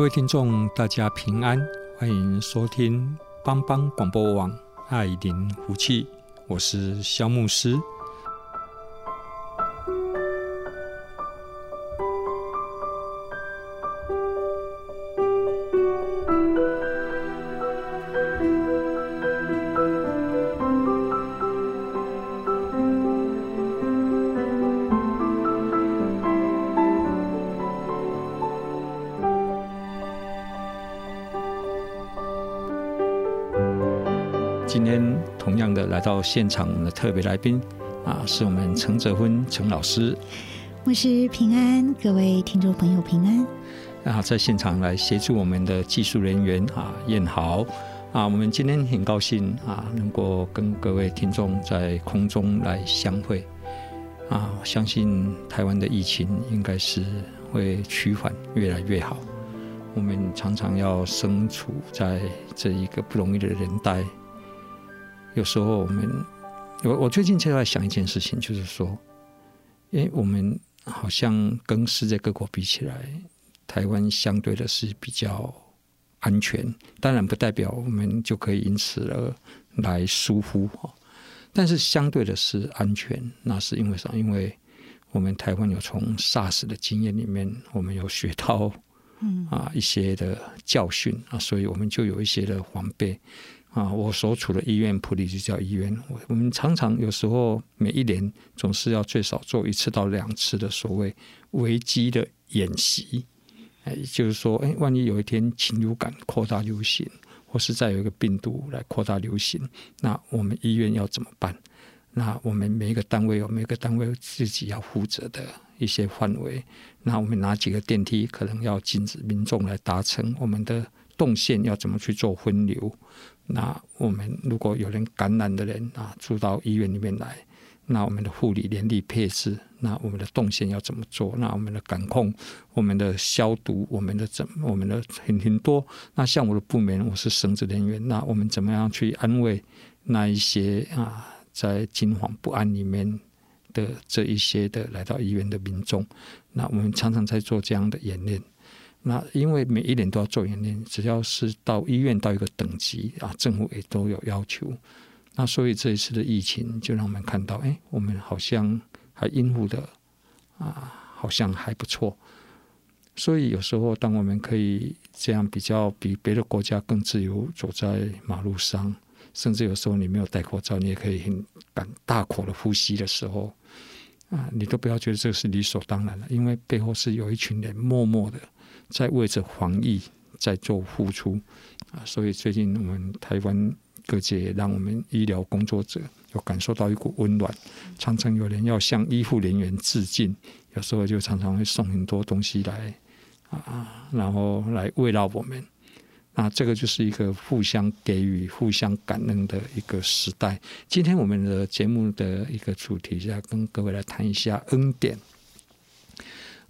各位聽眾，大家平安，歡迎收聽幫幫廣播網，愛鄰福氣，我是肖牧師。現場我們的特別來賓啊，是我們陳澤坤陳老師。我是平安，各位聽眾朋友平安啊，在現場來協助我們的技術人員啊，彥豪。啊。我們今天很高興啊，能夠跟各位聽眾在空中來相會啊。我相信台灣的疫情應該是會趨緩，越來越好。我們常常要身處在這一個不容易的年代。有時候我們，我我最近就在想一件事情，就是說，因為我們好像跟世界各國比起來，台灣相對的是比較安全。當然，不代表我們就可以因此而來疏忽啊。但是，相對的是安全，那是因為啥？因為我們台灣有從 SARS 的經驗裡面，我們有學到啊一些的教訓啊、嗯，所以我們就有一些的防備。啊，我所處的醫院普利就叫醫院我。我們常常有時候每一年總是要最少做一次到兩次的所謂危機的演習。哎、欸，就是說，哎、欸，萬一有一天禽流感擴大流行，或是再有一個病毒來擴大流行，那我們醫院要怎麼辦？那我們每一個單位有每個單位自己要負責的一些範圍。那我們哪幾個電梯可能要禁止民眾來達成我們的動線？要怎麼去做分流？那我們如果有人感染的人啊，那住到醫院裡面來，那我們的護理人力配置，那我們的動線要怎麼做？那我們的感控、我們的消毒、我們的怎、我們的很很多，那像我的部門，我是生殖人員，那我們怎麼樣去安慰那一些啊在驚惶不安裡面的這一些的來到醫院的民眾？那我們常常在做這樣的演練。那因為每一年都要做演練，只要是到醫院到一個等級啊，政府也都有要求。那所以這一次的疫情就讓我們看到，哎、欸，我們好像還應付的啊，好像還不錯。所以有時候當我們可以這樣比較比別的國家更自由走在馬路上，甚至有時候你沒有戴口罩，你也可以很敢大口的呼吸的時候，啊，你都不要覺得這是理所當然了，因為背後是有一群人默默的，在為着防疫在做付出啊，所以最近我們台灣各界也讓我們醫療工作者有感受到一股溫暖，常常有人要向醫護人員致敬，有時候就常常會送很多東西來啊，然後來慰勞我們，那這個就是一個互相給予、互相感恩的一個時代。今天我們的節目的一個主題，要跟各位來談一下恩典。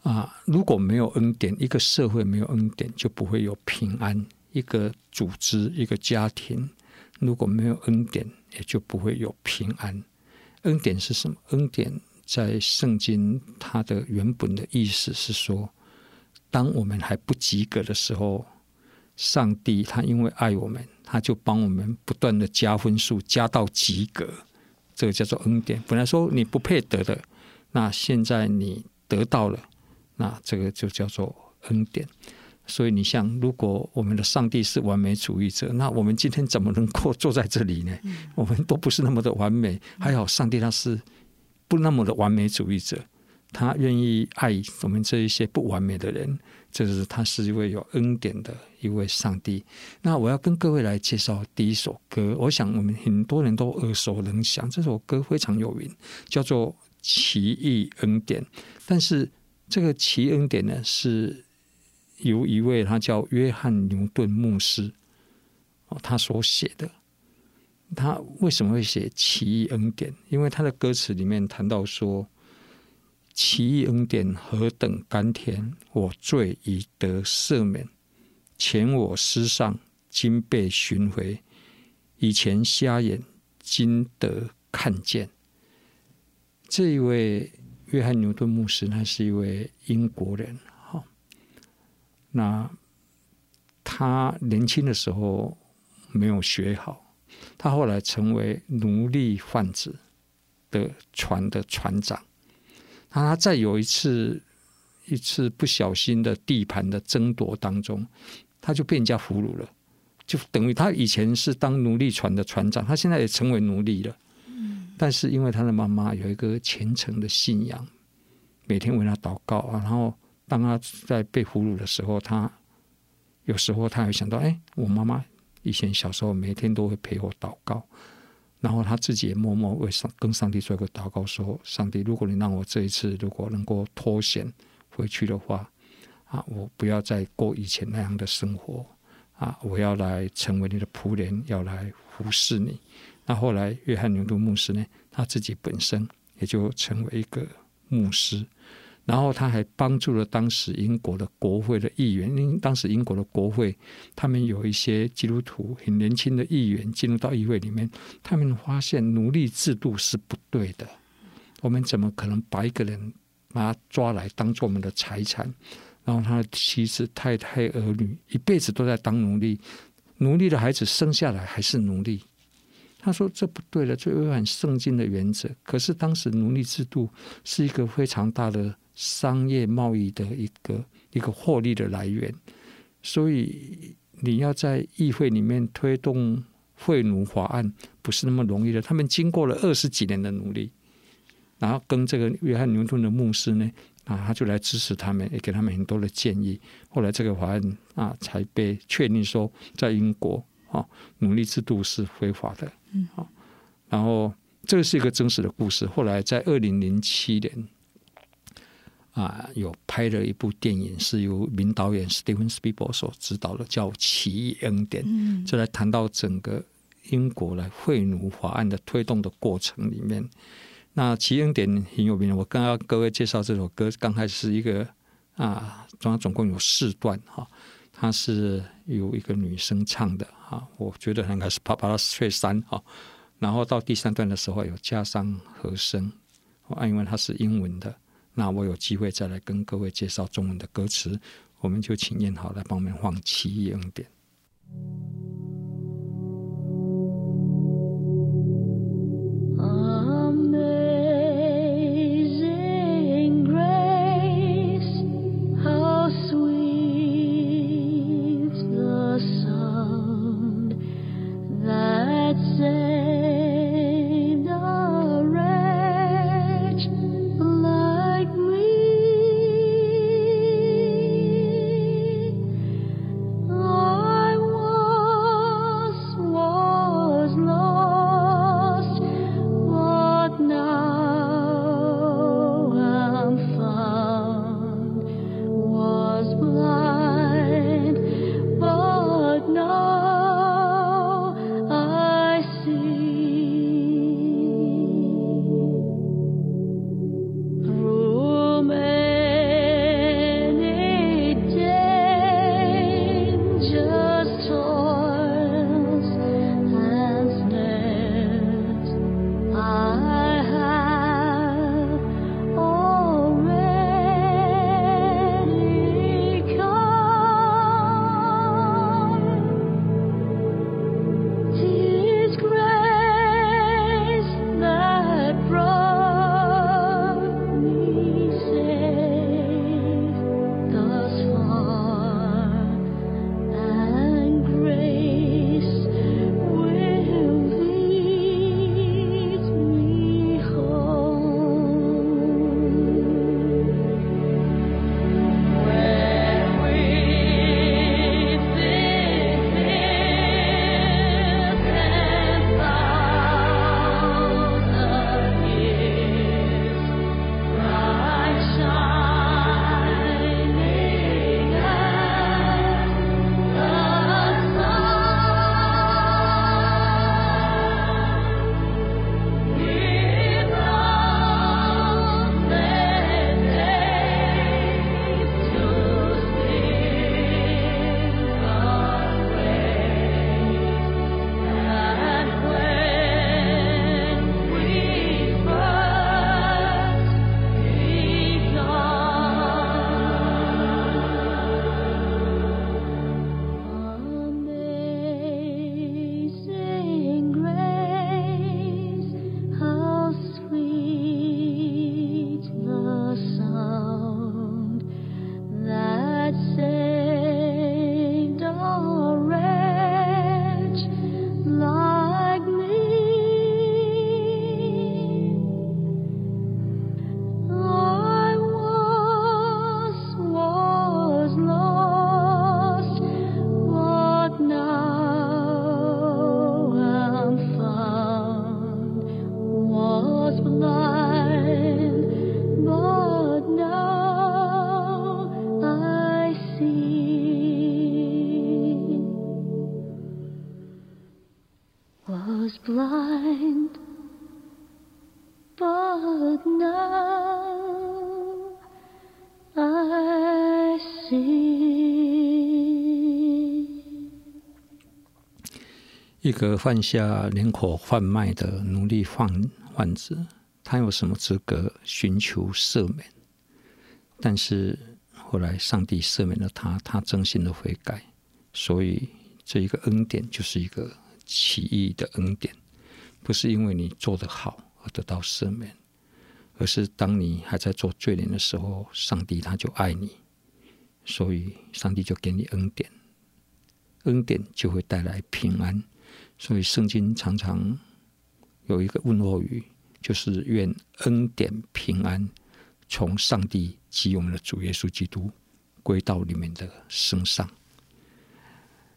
啊，如果沒有恩典，一個社會沒有恩典就不會有平安；一個組織、一個家庭如果沒有恩典，也就不會有平安。恩典是什麼？恩典在聖經它的原本的意思是說，當我們還不及格的時候，上帝他因為愛我們，他就幫我們不斷的加分數，加到及格，這個叫做恩典。本來說你不配得的，那現在你得到了。那這個就叫做恩典。所以你像，如果我們的上帝是完美主義者，那我們今天怎麼能夠坐在這裡呢？嗯。我們都不是那麼的完美。嗯。還好，上帝他是不那麼的完美主義者，他願意愛我們這一些不完美的人。這就是他是一位有恩典的一位上帝。那我要跟各位來介紹第一首歌，我想我們很多人都耳熟能詳，這首歌非常有名，叫做《奇異恩典》，但是。這個奇異恩典呢，是由一位他叫約翰牛頓牧師哦，他所寫的。他為什麼會寫奇異恩典？因為他的歌詞裡面談到說，奇異恩典何等甘甜，我罪已得赦免，前我失喪，今被尋回，以前瞎眼，今得看見。這一位。約翰牛頓牧師他是一位英國人，好，那他年輕的時候沒有學好，他後來成為奴隸販子的船的船長，那他在有一次一次不小心的地盤的爭奪當中，他就被人家俘虜了，就等於他以前是當奴隸船的船長，他現在也成為奴隸了。但是因為他的媽媽有一個虔誠的信仰，每天為他禱告啊，然後當他在被俘虜的時候，他有時候他會想到：哎，我媽媽以前小時候每天都會陪我禱告，然後他自己也默默為上跟上帝做一個禱告，說：上帝，如果你讓我這一次如果能夠脫險回去的話，啊，我不要再過以前那樣的生活啊，我要來成為你的僕人，要來服侍你。那後來，約翰牛頓牧師呢，他自己本身也就成為一個牧師，然後他還幫助了當時英國的國會的議員。因為當時英國的國會，他們有一些基督徒很年輕的議員進入到議會裡面，他們發現奴隸制度是不對的。我們怎麼可能把一個人把他抓來當做我們的財產？然後他的妻子、太太、兒女一輩子都在當奴隸，奴隸的孩子生下來還是奴隸。他說：“這不對的，這違反聖經的原則。”可是當時奴隸制度是一個非常大的商業貿易的一個一個獲利的來源，所以你要在議會裡面推動廢奴法案，不是那麼容易的。他們經過了二十幾年的努力，然後跟這個約翰牛頓的牧師呢，啊，他就來支持他們，也給他們很多的建議。後來這個法案啊，才被確定說在英國。啊，奴隸制度是非法的。嗯，好，然後這是一個真實的故事。後來在二零零七年啊，呃，有拍了一部電影，是由名導演 Steven Spielberg 所指導的，叫《奇異恩典》。嗯，就來談到整個英國的廢奴法案的推動的過程裡面，那《奇恩典》很有名。我剛剛各位介紹這首歌，剛開始一個啊，中，呃、央總共有四段哈，哦，它是由一個女生唱的。啊，我覺得應該是爬爬到翠山啊，然後到第三段的時候有加上和聲，因為它是英文的，那我有機會再來跟各位介紹中文的歌詞，我們就請念好來幫我們放奇異恩典。Was blind but now I see. 一個犯下人口販賣的奴隸販販子，他有什麼資格尋求赦免？但是後來上帝赦免了他，他真心的悔改，所以這一個恩典就是一個。奇異的恩典，不是因為你做得好而得到赦免，而是當你還在做罪人的時候，上帝他就愛你，所以上帝就給你恩典，恩典就會帶來平安。所以聖經常常有一個問候語，就是願恩典平安從上帝及我們的主耶穌基督歸到你們的身上。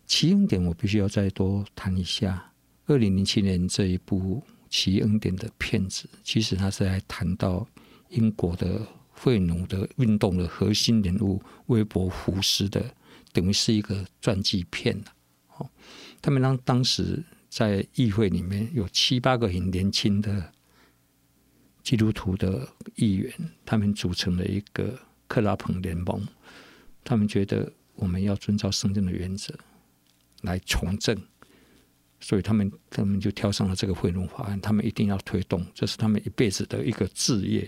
《奇恩典》，我必須要再多談一下。二零零七年這一部《奇恩典》的片子，其實它是來談到英國的廢奴的運動的核心人物——威伯福斯的，等於是一個傳記片哦，他們當當時在議會裡面有七八個很年輕的基督徒的議員，他們組成了一個克拉彭聯盟。他們覺得我們要遵照聖經的原則。來從政，所以他們他們就挑上了這個廢奴法案，他們一定要推動，這是他們一輩子的一個志業，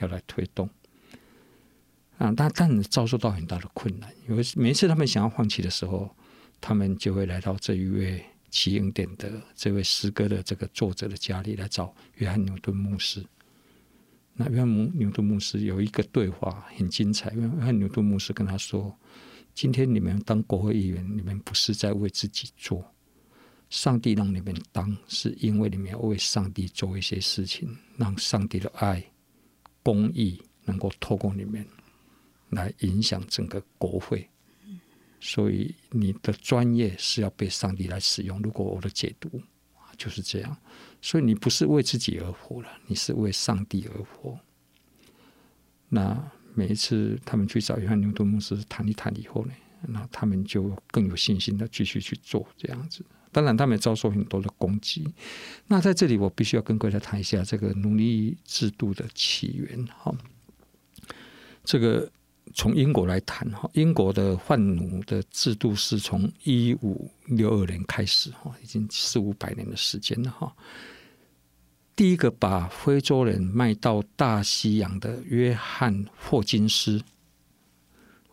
要來推動。啊，但但遭受到很大的困難，因為每一次他們想要放棄的時候，他們就會來到這一位奇異恩典的這位詩歌的這個作者的家裡，來找約翰牛頓牧師。那約翰紐牛頓牧師有一個對話很精彩，約翰牛頓牧師跟他說。今天你們當國會議員，你們不是在為自己做。上帝讓你們當，是因為你們要為上帝做一些事情，讓上帝的愛、公義能夠透過你們來影響整個國會。所以你的專業是要被上帝來使用。如果我的解讀就是這樣，所以你不是為自己而活了，你是為上帝而活。那。每一次他們去找約翰牛頓牧師談一談以後呢，那他們就更有信心的繼續去做這樣子。當然，他們也遭受很多的攻擊。那在這裡，我必須要跟各位來談一下這個奴隸制度的起源。哈，這個從英國來談哈，英國的販奴的制度是從一五六二年開始哈，已經四五百年的時間了哈。第一個把非洲人賣到大西洋的約翰霍金斯，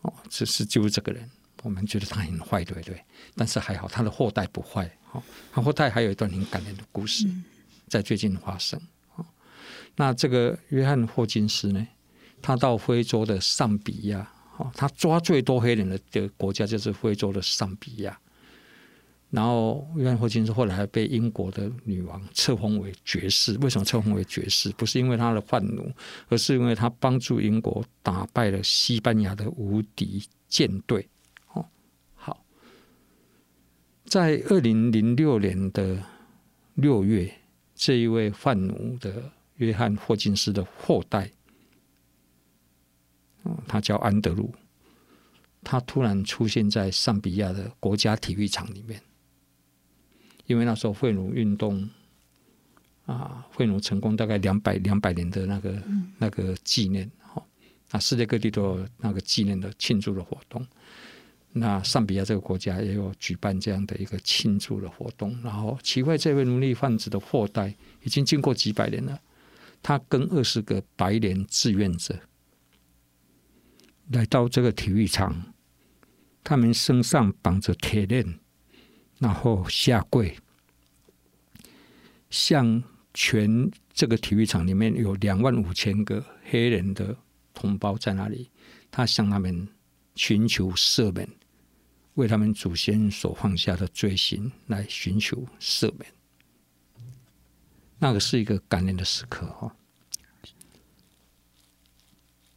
哦，只是就是這個人，我們覺得他很壞，對不對？但是還好，他的後代不壞。好、哦，他後代還有一段很感人的故事，在最近發生、哦。那這個約翰霍金斯呢，他到非洲的尚比亞，哦，他抓最多黑人的國家就是非洲的尚比亞。然後，約翰霍金斯後來被英國的女王冊封為爵士。為什麼冊封為爵士？不是因為他的販奴，而是因為他幫助英國打敗了西班牙的無敵艦隊。哦，好，在二零零六年的六月，這一位販奴的約翰霍金斯的後代，他叫安德魯，他突然出現在尚比亞的國家體育場裡面。因為那時候廢奴運動啊，廢奴成功大概兩百兩百年的那個、嗯、那個紀念，哈啊，世界各地都有那個紀念的慶祝的活動。那贊比亞這個國家也有舉辦這樣的一個慶祝的活動。然後，奇怪，這位奴隸販子的後代已經經過幾百年了，他跟二十個白人志願者來到這個體育場，他們身上綁着鐵鏈。然後下跪，向全這個體育場裡面有兩萬五千個黑人的同胞在那裡，他向他們尋求赦免，為他們祖先所犯下的罪行來尋求赦免。那個是一個感人的時刻哈、哦。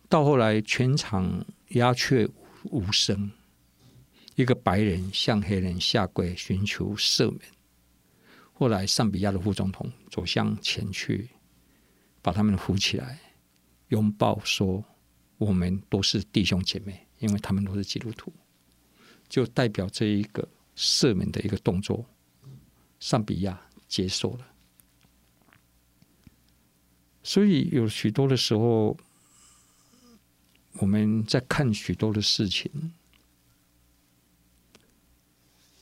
到後來全場鴉雀無聲。一個白人向黑人下跪尋求赦免，後來尚比亞的副總統走向前去，把他們扶起來，擁抱說：“我們都是弟兄姐妹，因為他們都是基督徒。”就代表這一個赦免的一個動作，尚比亞接受了。所以有許多的時候，我們在看許多的事情。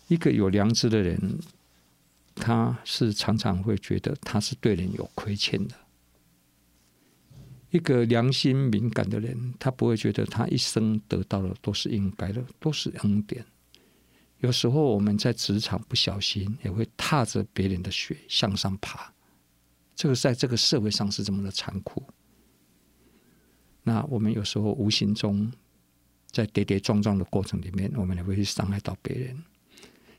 一個有良知的人，他是常常會覺得他是對人有虧欠的。一個良心敏感的人，他不會覺得他一生得到的都是應該的，都是恩典。有時候我們在職場不小心也會踏着別人的血向上爬，這個在這個社會上是這麼的殘酷。那我們有時候無形中在跌跌撞撞的過程裡面，我們也會去傷害到別人。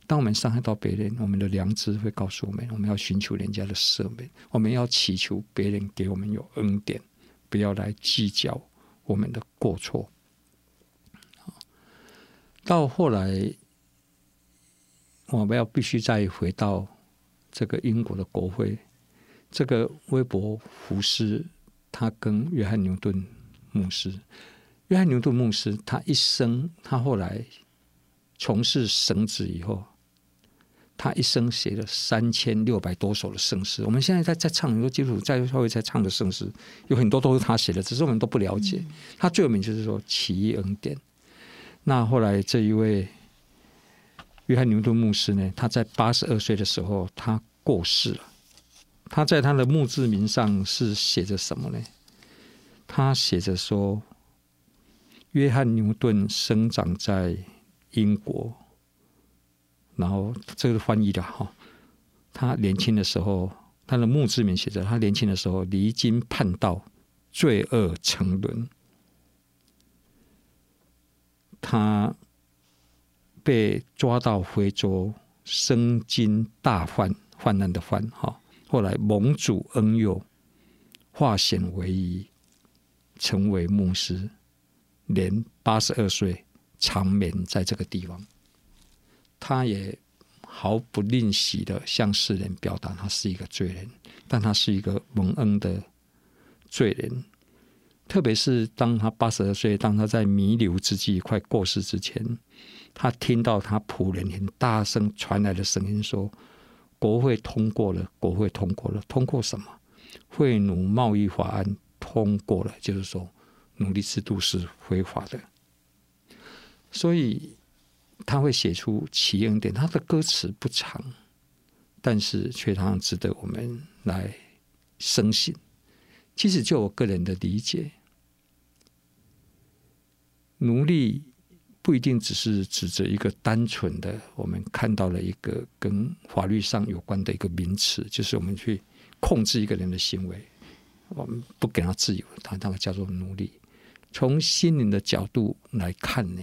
當我們傷害到別人，我們的良知會告訴我們：我們要尋求人家的赦免，我們要祈求別人給我們有恩典，不要來計較我們的過錯。到後來，我們要必須再回到這個英國的國會，這個威伯福斯，他跟約翰牛頓牧師，約翰牛頓牧師，他一生，他後來從事神職以後。他一生寫了三千六百多首的聖詩，我們現在在在唱很多基督徒在教會在唱的聖詩，有很多都是他寫的，只是我們都不了解。他最有名就是說《奇異恩典》。那後來這一位約翰牛頓牧師呢，他在八十二歲的時候他過世了。他在他的墓誌銘上是寫着什麼呢？他寫着說：“約翰牛頓生長在英國。”然後這是翻譯的哈、哦，他年輕的時候，他的墓誌銘寫着：他年輕的時候離經叛道，罪惡沉淪。他被抓到非洲，生經大患，患難的患哈、哦。後來蒙主恩佑，化險為夷，成為牧師，年八十二歲，長眠在這個地方。他也毫不吝惜地向世人表達他是一個罪人，但他是一個蒙恩的罪人。特別是當他八十二歲，當他在彌留之際、快過世之前，他聽到他僕人很大聲傳來的聲音說：“國會通過了，國會通過了，通過什麼？廢奴貿易法案通過了，就是說奴隸制度是非法的。”所以。他會寫出奇異恩典，他的歌詞不長，但是卻常常值得我們來深信。其實就我個人的理解，奴隸不一定只是指着一個單純的，我們看到了一個跟法律上有關的一個名詞，就是我們去控制一個人的行為，我們不給他自由，他那個叫做奴隸。從心靈的角度來看呢？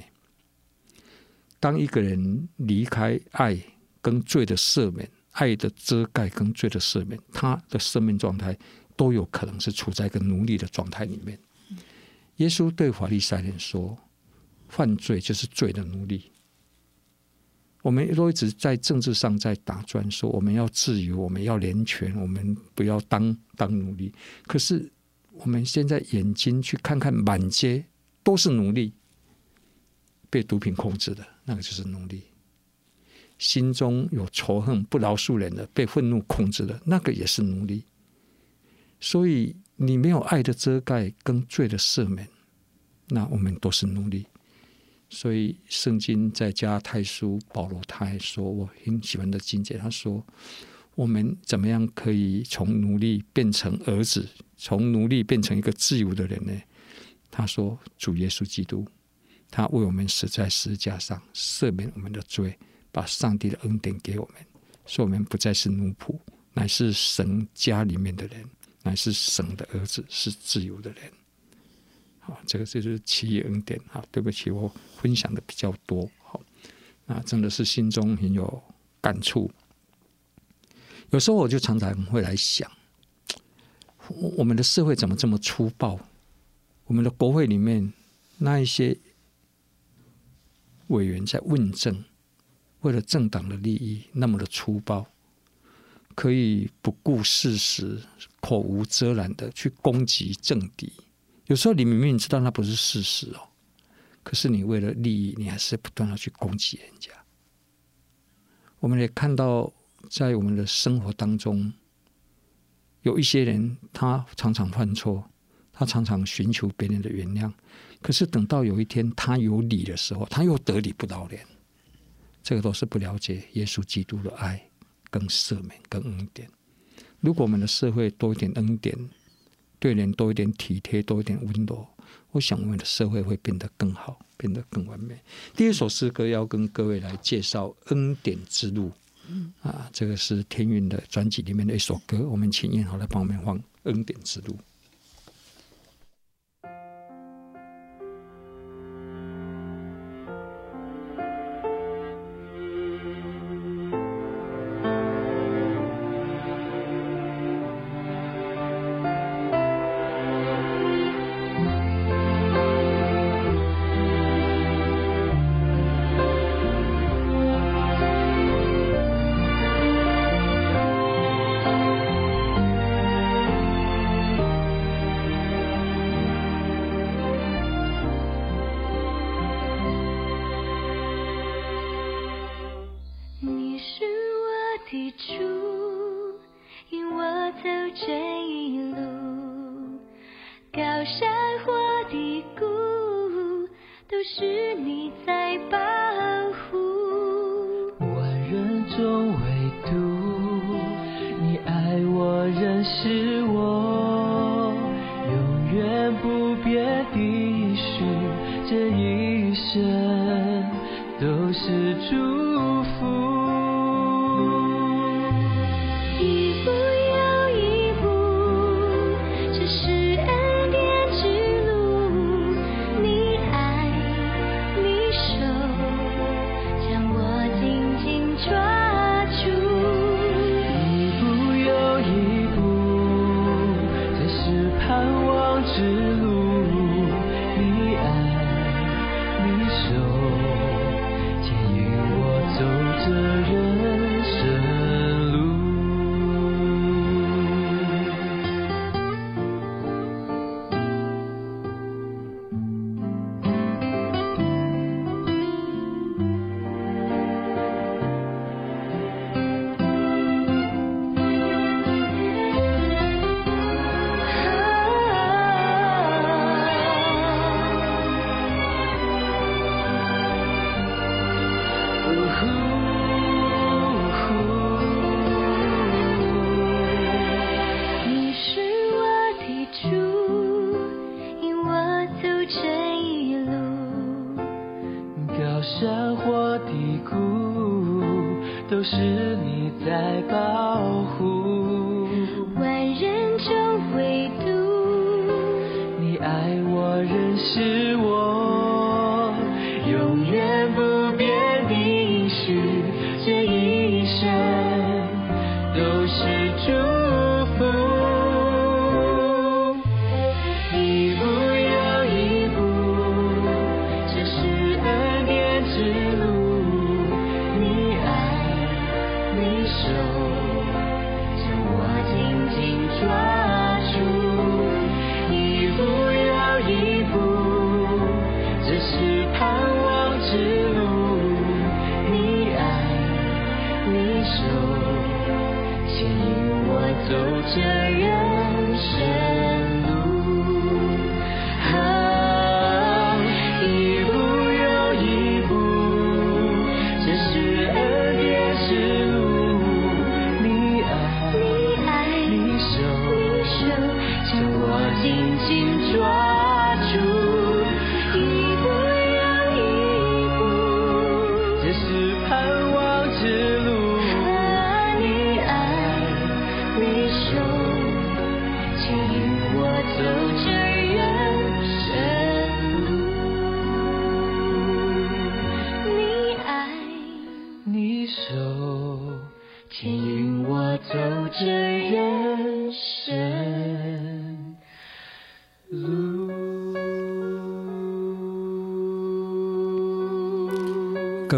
當一個人離開愛跟罪的赦免，愛的遮蓋跟罪的赦免，他的生命狀態都有可能是處在一個奴隸的狀態裡面。耶穌對法利賽人說：“犯罪就是罪的奴隸。”我們都一直在政治上在打轉說，說我們要自由，我們要人權，我們不要當當奴隸。可是我們現在眼睛去看看，滿街都是奴隸。被毒品控制的那個就是奴隸，心中有仇恨、不饒恕人的，被憤怒控制的那個也是奴隸。所以你沒有愛的遮蓋，跟罪的赦免，那我們都是奴隸。所以聖經在加太書，保羅他還說，我很喜歡的經節，他說，我們怎麼樣可以從奴隸變成兒子，從奴隸變成一個自由的人呢？他說主耶穌基督。他為我們死在十字架上，赦免我們的罪，把上帝的恩典給我們，使我們不再是奴僕，乃是神家裡面的人，乃是神的兒子，是自由的人。好，這個就是奇異恩典。好，對不起，我分享的比較多。好，那真的是心中很有感觸。有時候我就常常會來想，我們的社會怎麼這麼粗暴？我們的國會裡面那一些。委員在問政，為了政黨的利益，那麼的粗暴，可以不顧事實，口無遮攔的去攻擊政敵。有時候你明明知道那不是事實哦，可是你為了利益，你還是不斷的去攻擊人家。我們也看到，在我們的生活當中，有一些人他常常犯錯，他常常尋求別人的原諒。可是等到有一天他有理的時候，他又得理不饒人，這個都是不了解耶穌基督的愛跟赦免、跟恩典。如果我們的社會多一點恩典，對人多一點體貼、多一點溫柔，我想我們的社會會變得更好，變得更完美。第一首詩歌要跟各位來介紹《恩典之路》。啊，這個是天韻的專輯裡面的一首歌，我們請彥豪在旁邊放《恩典之路》。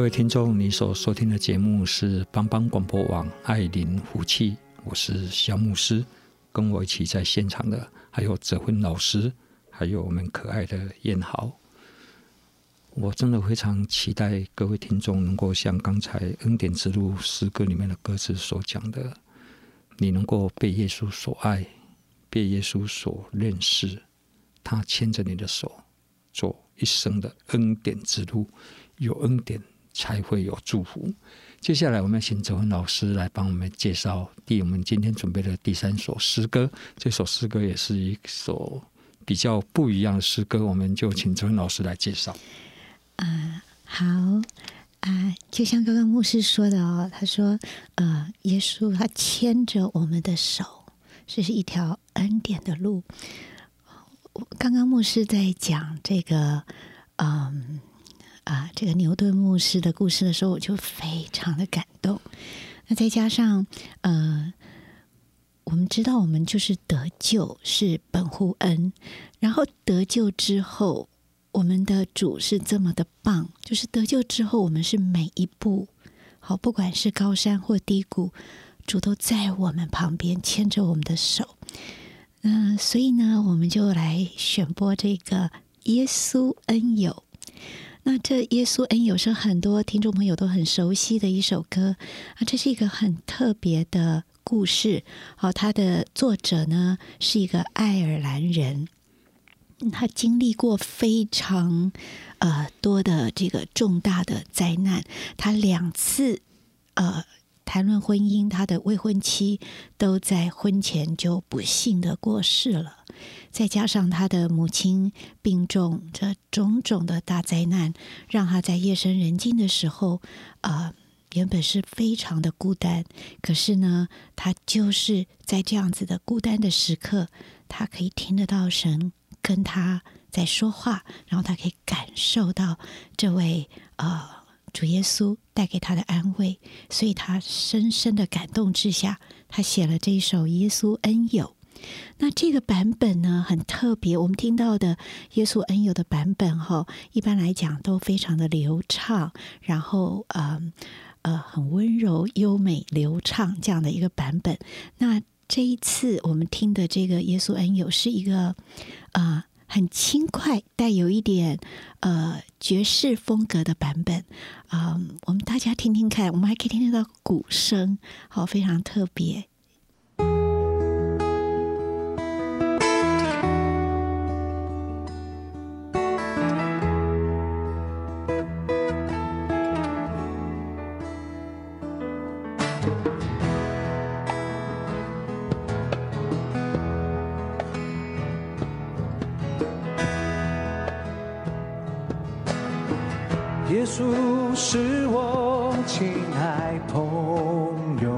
各位聽眾，你所收聽的節目是幫幫廣播網愛靈福氣，我是小牧師，跟我一起在現場的還有澤坤老師，還有我們可愛的燕豪。我真的非常期待各位聽眾能夠像剛才恩典之路詩歌裡面的歌詞所講的，你能夠被耶穌所愛，被耶穌所認識，他牽着你的手，做一生的恩典之路，有恩典，才會有祝福。接下來，我們請周恩老師來幫我們介紹第我們今天準備的第三首詩歌。這首詩歌也是一首比較不一樣的詩歌，我們就請周恩老師來介紹。啊、嗯呃，好啊、呃，就像剛剛牧師說的哦，他說，呃，耶穌他牽着我們的手，這是一條恩典的路。剛剛牧師在講這個，嗯、呃。啊，這個牛頓牧師的故事的時候，我就非常的感動。那再加上，呃，我們知道我們就是得救是本乎恩，然後得救之後，我們的主是這麼的棒，就是得救之後，我們是每一步，好，不管是高山或低谷，主都在我們旁邊牽着我們的手。嗯、呃，所以呢，我們就來選播這個耶穌恩友。那這耶穌恩有時候，很多聽眾朋友都很熟悉的一首歌啊，這是一個很特別的故事。哦，他的作者呢，是一個愛爾蘭人，他經歷過非常呃多的這個重大的災難。他兩次呃談論婚姻，他的未婚妻都在婚前就不幸的過世了。再加上他的母親病重，這種種的大災難，讓他在夜深人靜的時候，啊、呃，原本是非常的孤單。可是呢，他就是在這樣子的孤單的時刻，他可以聽得到神跟他在說話，然後他可以感受到這位啊、呃、主耶穌帶給他的安慰。所以，他深深的感動之下，他寫了這一首《耶穌恩友》。那這個版本呢，很特別。我們聽到的耶穌恩友的版本，齁，一般來講都非常的流暢，然後，嗯、呃，呃，很溫柔、優美、流暢這樣的一個版本。那這一次我們聽的這個耶穌恩友是一個，呃、很輕快，帶有一點呃爵士風格的版本。啊、呃，我們大家聽聽看，我們還可以聽得到鼓聲，好，非常特別。主是我親愛朋友，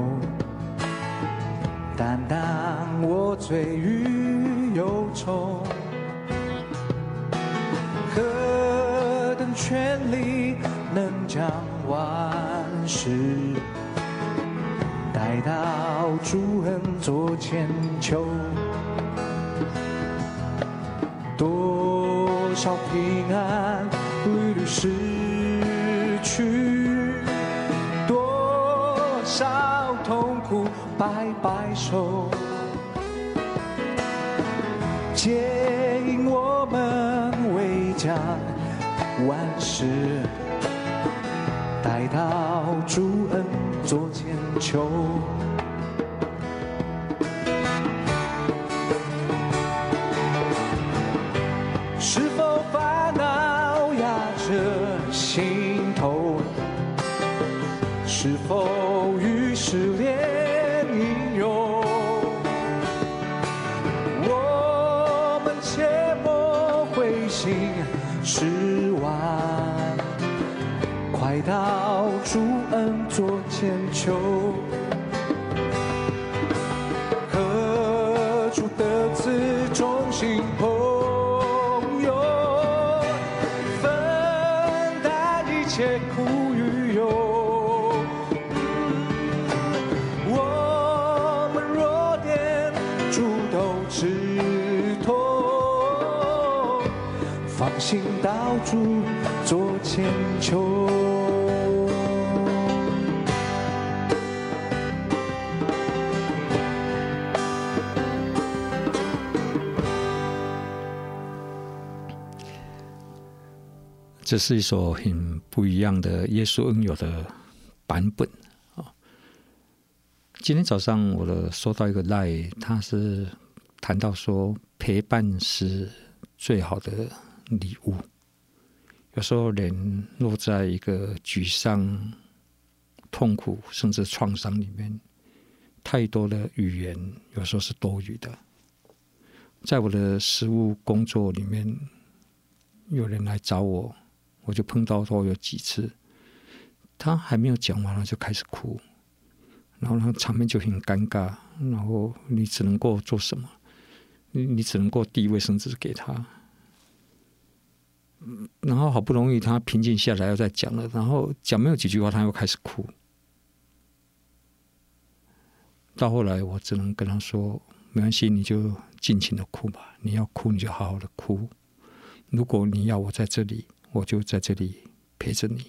擔當我罪與憂愁，何等權利能將萬事帶到主恩座前求？多少平安，屢屢失。擺擺手，接引我們回家，萬事待到主恩作千秋。這是一首很不一樣的耶穌恩友的版本啊！今天早上我的收到一個賴，他是談到說，陪伴是最好的禮物。有時候人落在一個沮喪、痛苦甚至創傷裡面，太多的語言有時候是多餘的。在我的實務工作裡面，有人來找我。我就碰到過有幾次，他還沒有講完，他就開始哭，然後呢，場面就很尷尬，然後你只能夠做什麼？你你只能夠遞衛生紙給他。然後好不容易他平靜下來要再講了，然後講沒有幾句話他又開始哭。到後來我只能跟他說：“沒關係，你就盡情的哭吧，你要哭你就好好的哭。如果你要我在這裡。”我就在這裡陪着你。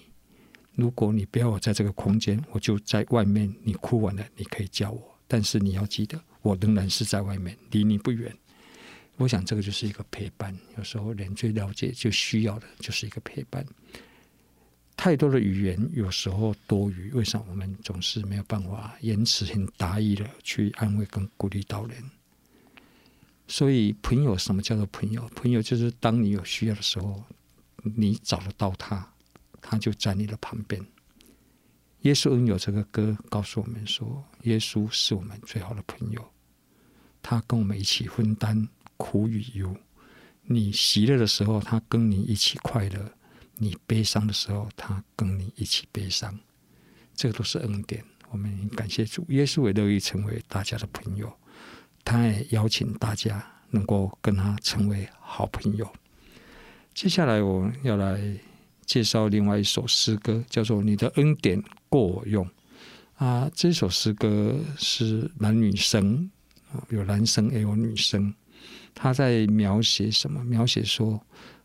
如果你不要我在這個空間，我就在外面。你哭完了，你可以叫我，但是你要記得，我仍然是在外面，離你不遠。我想，這個就是一個陪伴。有時候人最了解、就需要的，就是一個陪伴。太多的語言有時候多餘，為什麼我們總是沒有辦法言辭很達意的去安慰跟鼓勵到人？所以，朋友，什麼叫做朋友？朋友就是當你有需要的時候。你找得到他，他就在你的旁邊。耶穌恩友這個歌，告訴我們說，耶穌是我們最好的朋友。他跟我們一起分擔苦與憂。你喜樂的時候，他跟你一起快樂；你悲傷的時候，他跟你一起悲傷。這個都是恩典。我們感謝主，耶穌也樂意成為大家的朋友。他也邀請大家能夠跟他成為好朋友。接下來我要來介紹另外一首詩歌，叫做《你的恩典夠我用》啊。這首詩歌是男女生啊，有男生也有女生。他在描寫什麼？描寫說，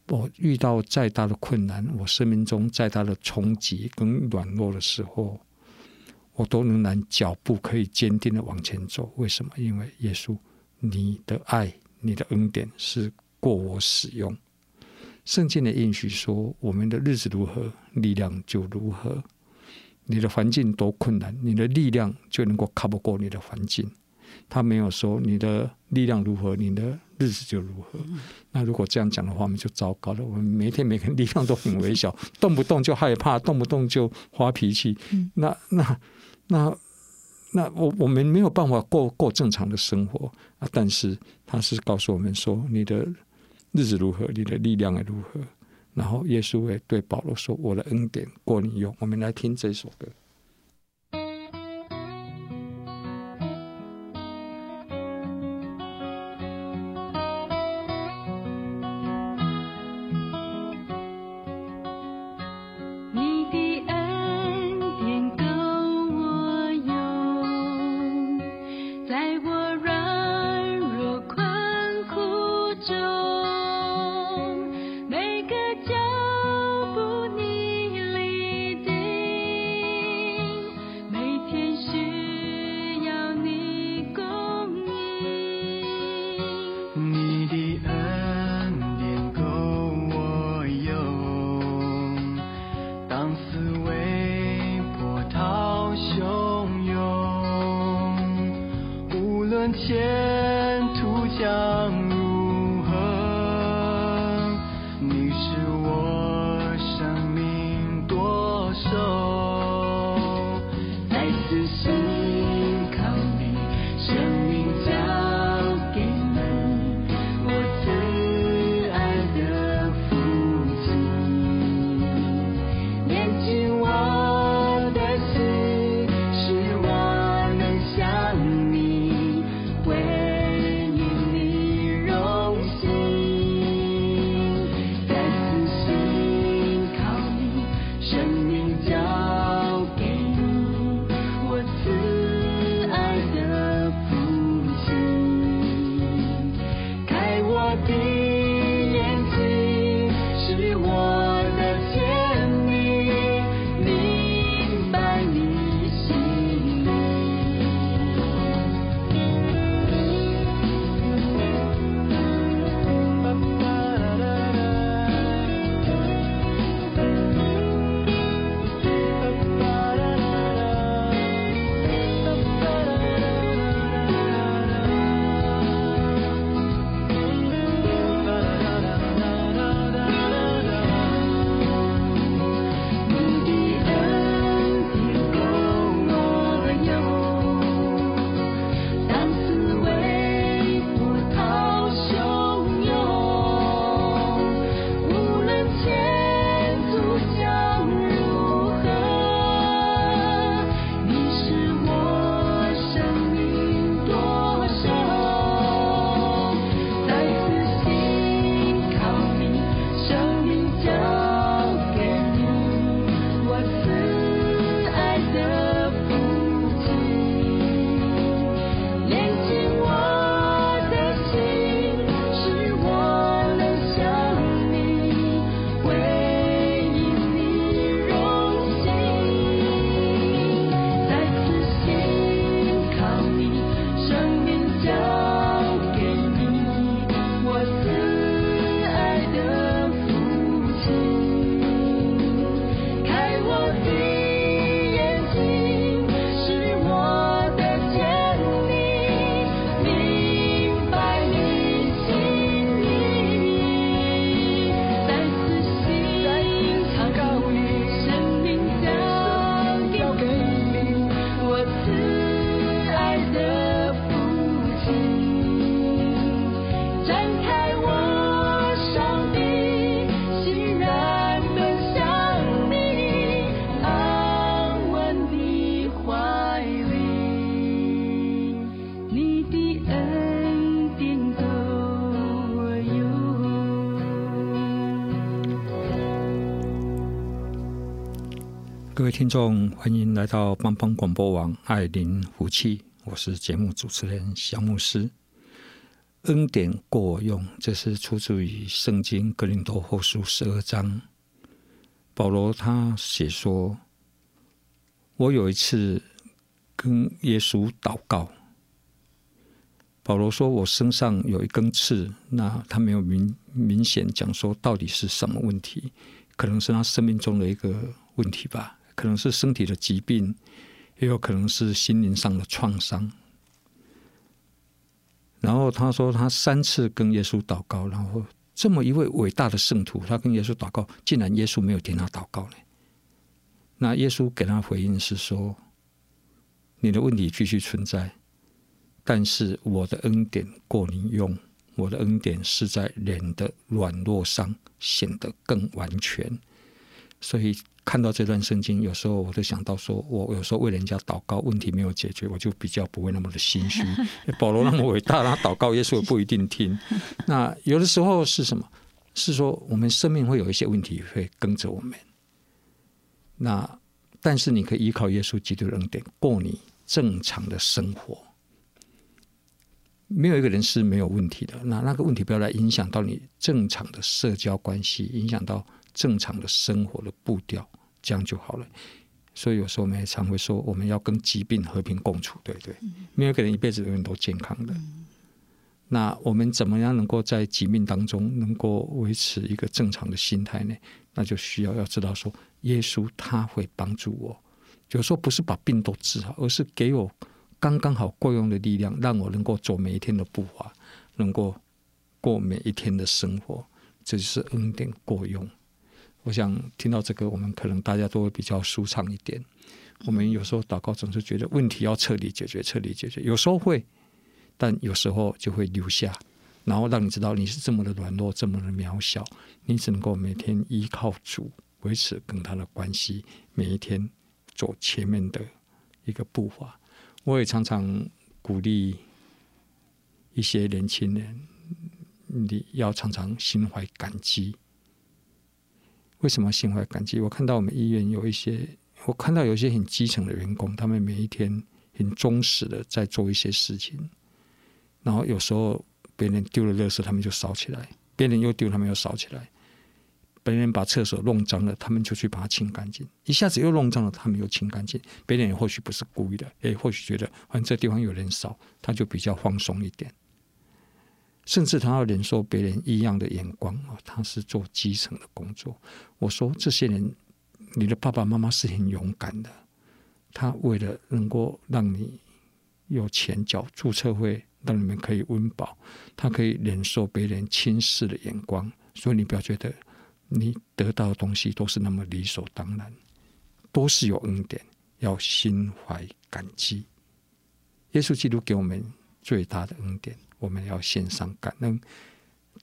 我遇到再大的困難，我生命中再大的衝擊跟軟弱的時候，我都能拿腳步可以堅定地往前走。為什麼？因為耶穌，你的愛，你的恩典是夠我使用。聖經的應許說：“我們的日子如何，力量就如何。你的環境多困難，你的力量就能夠克不過你的環境。”他沒有說你的力量如何，你的日子就如何。嗯。那如果這樣講的話，我們就糟糕了。我們每天每個力量都很微小， 動不動就害怕，動不動就發脾氣。那那那那，我我們沒有辦法過過正常的生活啊！但是他是告訴我們說：“你的。”日子如何，你的力量也如何。然後耶穌會對保羅說：“我的恩典夠你用。”我們來聽這首歌。各位聽眾，歡迎來到幫幫廣播網。愛鄰福氣，我是節目主持人蕭牧師。恩典夠我用，這是出自於聖經格林多後書十二章。保羅他寫說：“我有一次跟耶穌禱告。”保羅說：“我身上有一根刺。”那他沒有明明顯講說到底是什麼問題，可能是他生命中的一個問題吧。可能是身體的疾病，也有可能是心靈上的創傷。然後他說，他三次跟耶穌禱告，然後這麼一位偉大的聖徒，他跟耶穌禱告，竟然耶穌沒有聽他禱告呢？那耶穌給他回應是說：“你的問題繼續存在，但是我的恩典夠你用，我的恩典是在人的軟弱上顯得更完全。”所以。看到這段聖經，有時候我都想到說，我有時候為人家禱告，問題沒有解決，我就比較不會那麼的心虛。 保羅那麼偉大，他禱告耶穌也不一定聽。 那有的時候是什麼？是說我們生命會有一些問題會跟着我們。那但是你可以依靠耶穌基督的恩典過你正常的生活。沒有一個人是沒有問題的。那那個問題不要來影響到你正常的社交關係，影響到。正常的生活的步調，這樣就好了。所以有時候我們也常會說，我們要跟疾病和平共處。對不對？嗯，沒有可能一輩子永遠都健康的，嗯。那我們怎麼樣能夠在疾病當中能夠維持一個正常的心態呢？那就需要要知道說，耶穌他會幫助我。有時候不是把病都治好，而是給我剛剛好夠用的力量，讓我能夠走每一天的步伐，能夠過每一天的生活。這就是恩典夠用。我想聽到這個，我們可能大家都會比較舒暢一點。我們有時候禱告總是覺得問題要徹底解決，徹底解決。有時候會，但有時候就會留下，然後讓你知道你是這麼的軟弱，這麼的渺小。你只能夠每天依靠主，維持跟他的關係，每一天走前面的一個步伐。我也常常鼓勵一些年輕人，你要常常心懷感激。為什麼心懷感激？我看到我們醫院有一些，我看到有一些很基層的員工，他們每一天很忠實的在做一些事情。然後有時候別人丟了垃圾，他們就掃起來；別人又丟，他們又掃起來。別人把廁所弄髒了，他們就去把它清乾淨。一下子又弄髒了，他們又清乾淨。別人也或許不是故意的，哎，或許覺得反正這地方有人掃，他就比較放鬆一點。甚至他要忍受別人異樣的眼光，他是做基層的工作。我說，這些人，你的爸爸媽媽是很勇敢的，他為了能夠讓你有錢繳註冊費讓你們可以溫飽，他可以忍受別人輕視的眼光。所以，你不要覺得你得到的東西都是那麼理所當然，都是有恩典，要心懷感激。耶穌基督給我們最大的恩典。我們要獻上感恩。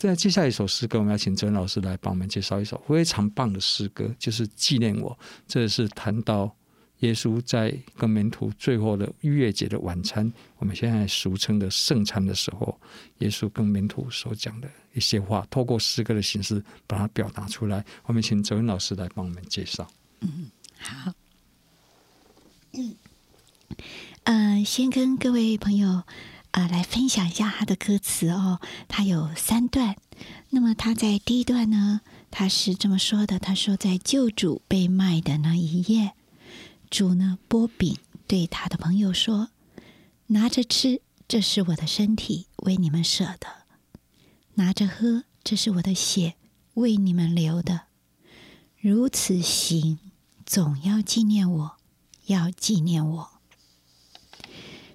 那在接下來一首詩歌，我們要請周恩老師來幫我們介紹一首非常棒的詩歌，就是《紀念我》。這是談到耶穌在跟門徒最後的逾越節的晚餐，我們現在俗稱的聖餐的時候，耶穌跟門徒所講的一些話，透過詩歌的形式把它表達出來。我們請周恩老師來幫我們介紹。嗯，好。嗯，呃，先跟各位朋友。啊，來分享一下他的歌詞哦。他有三段。那麼他在第一段呢，他是這麼說的：他說，在救主被賣的那一夜，主呢，擘餅對他的朋友說：“拿着吃，這是我的身體，為你們舍的；拿着喝，這是我的血，為你們流的。如此行，總要紀念我，要紀念我。”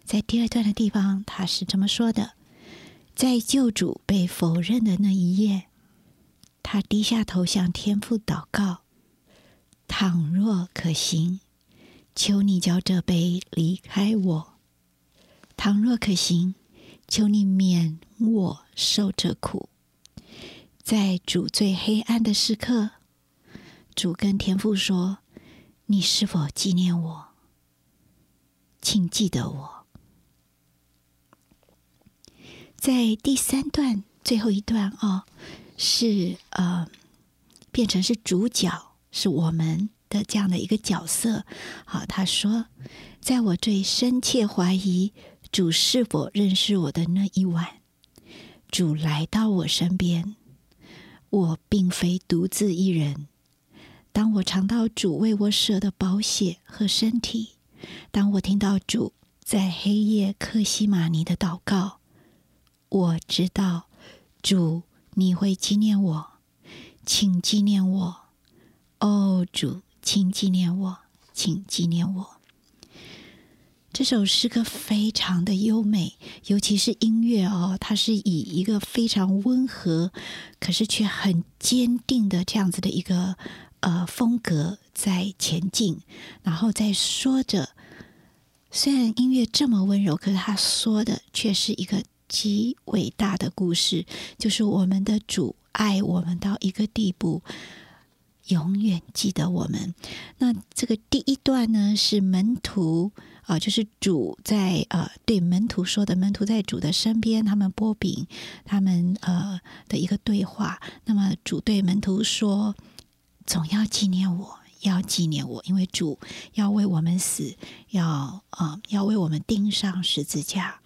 在第二段的地方，他是這麼說的：“在救主被否認的那一夜，他低下頭向天父禱告：倘若可行，求你叫這杯離開我；倘若可行，求你免我受這苦。在主最黑暗的時刻，主跟天父說：你是否紀念我？請記得我。”在第三段最後一段哦，是呃，變成是主角，是我們的這樣的一個角色。好、哦，他說：“在我最深切懷疑主是否認識我的那一晚，主來到我身邊，我並非獨自一人。當我嘗到主為我捨的寶血和身體，當我聽到主在黑夜客西馬尼的禱告。”我知道，主，你會紀念我。請紀念我。哦，主，請紀念我，請紀念我。這首詩歌非常的優美，尤其是音樂哦，它是以一個非常溫和，可是卻很堅定的這樣子的一個呃風格在前進，然後在說着。雖然音樂這麼溫柔，可是他說的卻是一個。極偉大的故事，就是我們的主愛我們到一個地步，永遠記得我們。那這個第一段呢，是門徒啊、呃，就是主在啊、呃、對門徒說的，門徒在主的身邊，他們擘餅，他們呃的一個對話。那麼主對門徒說：“總要紀念我。”要紀念我，因為主要為我們死，要啊、呃、要為我們釘上十字架。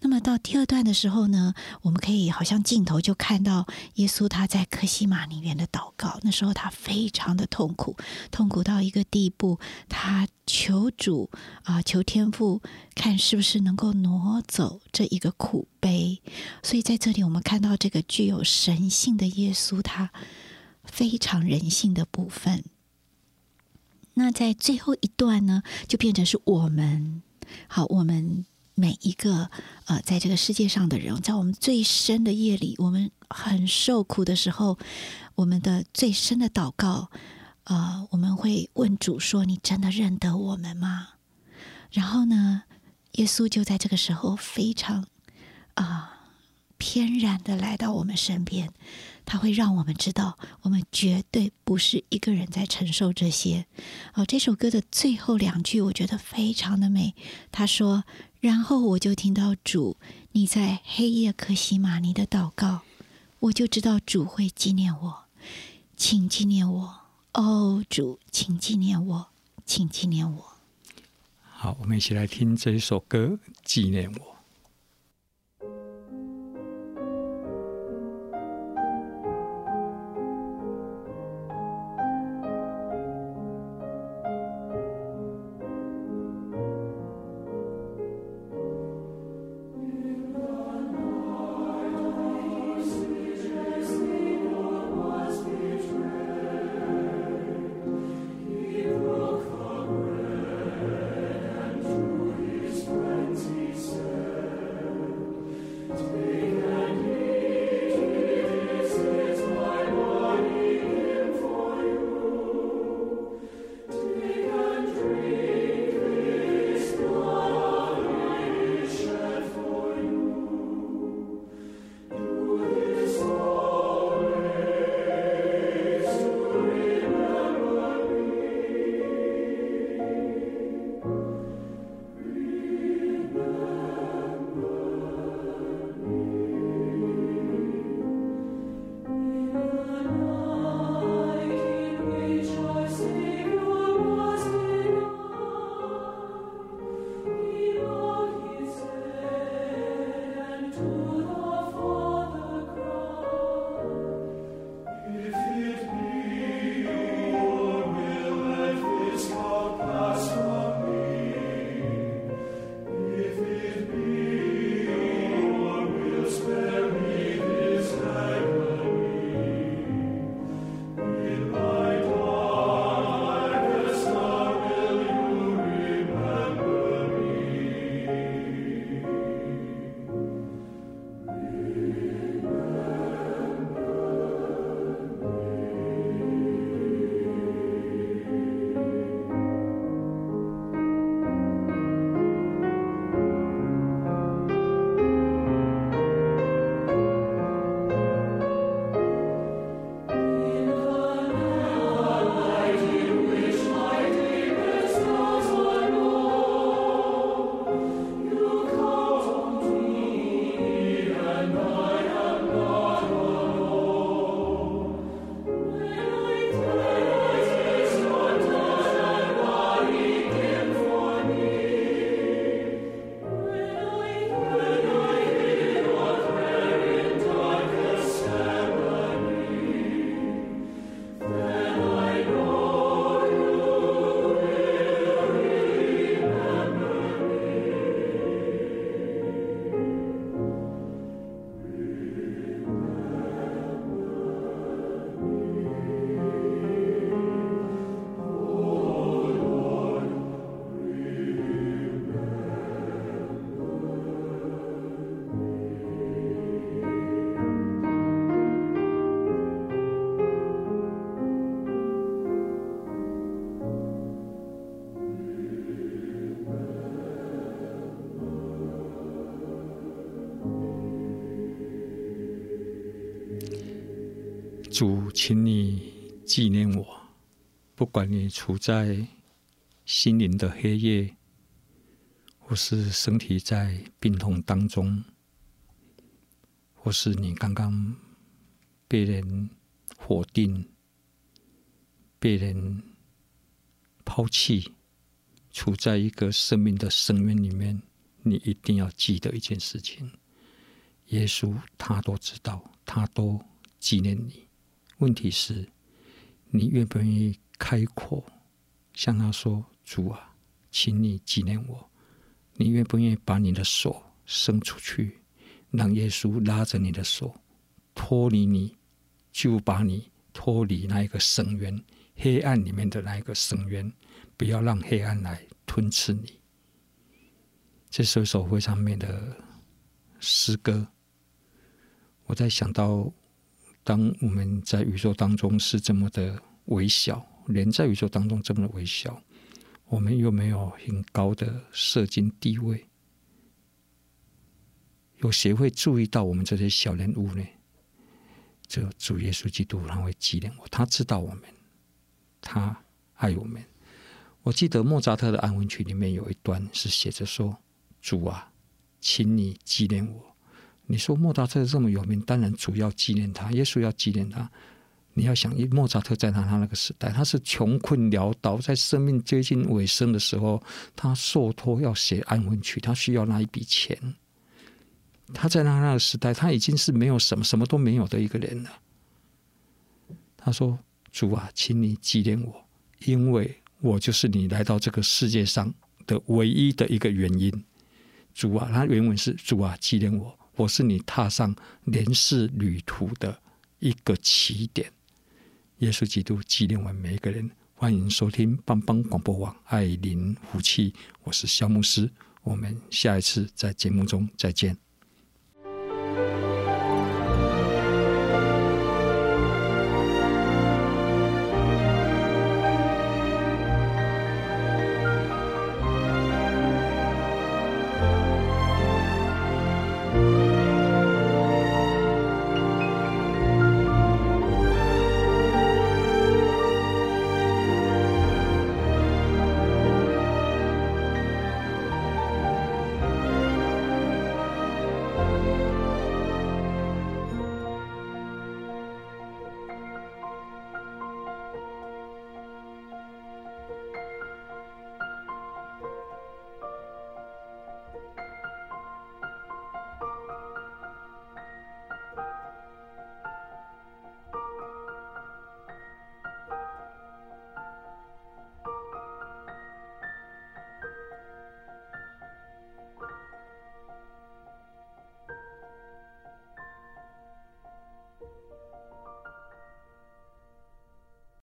那麼到第二段的時候呢，我們可以好像鏡頭就看到耶穌他在客西馬尼園的禱告。那時候他非常的痛苦，痛苦到一個地步，他求主啊、呃，求天父，看是不是能夠挪走這一個苦杯。所以在這裡我們看到這個具有神性的耶穌，他非常人性的部分。那在最後一段呢，就變成是我們好，我們每一個呃，在這個世界上的人，在我們最深的夜裡，我們很受苦的時候，我們的最深的禱告，呃，我們會問主說：“你真的認得我們嗎？”然後呢，耶穌就在這個時候非常啊，翩然的來到我們身邊。他會讓我們知道，我們絕對不是一個人在承受這些。哦，這首歌的最後兩句，我覺得非常的美。他說：“然後我就聽到主你在黑夜客西馬尼的禱告，我就知道主會紀念我，請紀念我，哦，主，請紀念我，請紀念我。”好，我們一起來聽這一首歌，《紀念我》。主，請你紀念我。不管你處在心靈的黑夜，或是身體在病痛當中，或是你剛剛被人否定、被人拋棄，處在一個生命的深淵裡面，你一定要記得一件事情：耶穌他都知道，他都紀念你。問題是，你願不願意開口，向他說：“主啊，請你紀念我，你願不願意把你的手伸出去，讓耶穌拉着你的手，脫離你，就把你脫離那一個深淵、黑暗裡面的那一個深淵，不要讓黑暗來吞吃你。”這是一首繪上面的詩歌，我在想到。當我們在宇宙當中是這麼的微小，人在宇宙當中這麼的微小，我們又沒有很高的社經地位，有誰會注意到我們這些小人物呢？這主耶穌基督他會紀念我，他知道我們，他愛我們。我記得莫扎特的安魂曲裡面有一段是寫着說：“主啊，請你紀念我。”你說莫扎特這麼有名，當然主要紀念他，耶穌要紀念他。你要想，莫扎特在他他那個時代，他是窮困潦倒，在生命接近尾聲的時候，他受托要寫安魂曲，他需要那一筆錢。他在他那個時代，他已經是沒有什麼，什麼都沒有的一個人了。他說：“主啊，請你紀念我，因為我就是你來到這個世界上的唯一的一個原因。”主啊，他原文是“主啊，紀念我。”我是你踏上人世旅途的一個起點，耶穌基督紀念我們每一個人。歡迎收聽幫幫廣播網愛鄰福氣，我是蕭牧師，我們下一次在節目中再見。